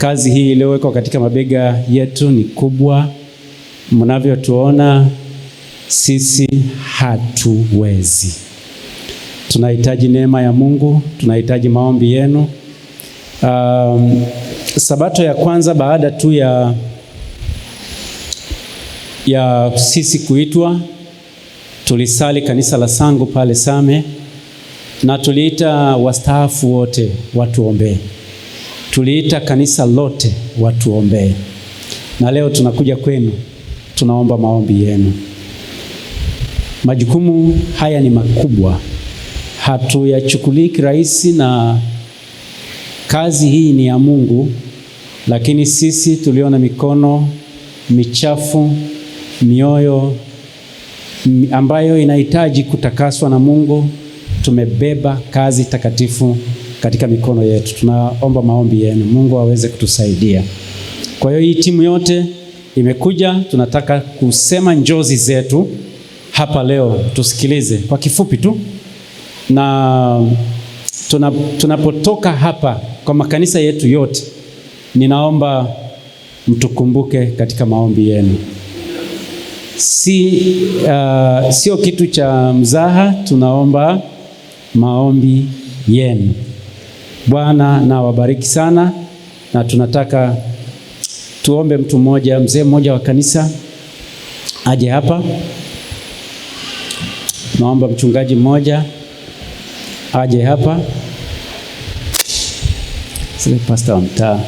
Kazi hii iliyowekwa katika mabega yetu ni kubwa. Mnavyotuona sisi hatuwezi, tunahitaji neema ya Mungu, tunahitaji maombi yenu. Um, sabato ya kwanza baada tu ya ya sisi kuitwa tulisali kanisa la Sangu pale Same na tuliita wastaafu wote watuombee tuliita kanisa lote watuombee, na leo tunakuja kwenu, tunaomba maombi yenu. Majukumu haya ni makubwa, hatuyachukulii kirahisi, na kazi hii ni ya Mungu, lakini sisi tuliona mikono michafu, mioyo ambayo inahitaji kutakaswa na Mungu, tumebeba kazi takatifu katika mikono yetu. Tunaomba maombi yenu, Mungu aweze kutusaidia. Kwa hiyo hii timu yote imekuja, tunataka kusema njozi zetu hapa leo, tusikilize kwa kifupi tu, na tunapotoka tuna hapa kwa makanisa yetu yote, ninaomba mtukumbuke katika maombi yenu. Si, uh, sio kitu cha mzaha, tunaomba maombi yenu. Bwana na wabariki sana, na tunataka tuombe mtu mmoja, mzee mmoja wa kanisa aje hapa. Naomba mchungaji mmoja aje hapa, sile pasta wa mtaa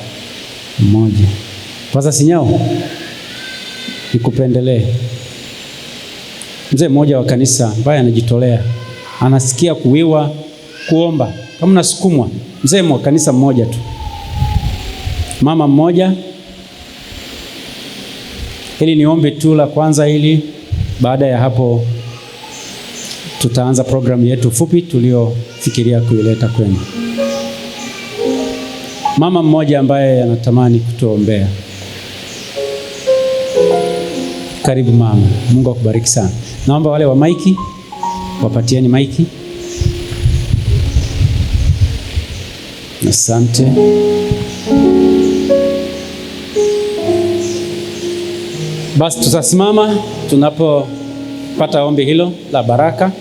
mmoja kwanza. Sinyao, nikupendelee mzee mmoja wa kanisa ambaye anajitolea, anasikia kuwiwa kuomba. Kama nasukumwa, mzee mwa kanisa mmoja tu, mama mmoja, ili ni ombi tu la kwanza hili. Baada ya hapo, tutaanza programu yetu fupi tuliofikiria kuileta kwenu. Mama mmoja ambaye anatamani kutuombea. Karibu mama. Mungu akubariki sana. Naomba wale wa maiki wapatieni maiki. Asante. Basi tutasimama tunapopata ombi hilo la baraka.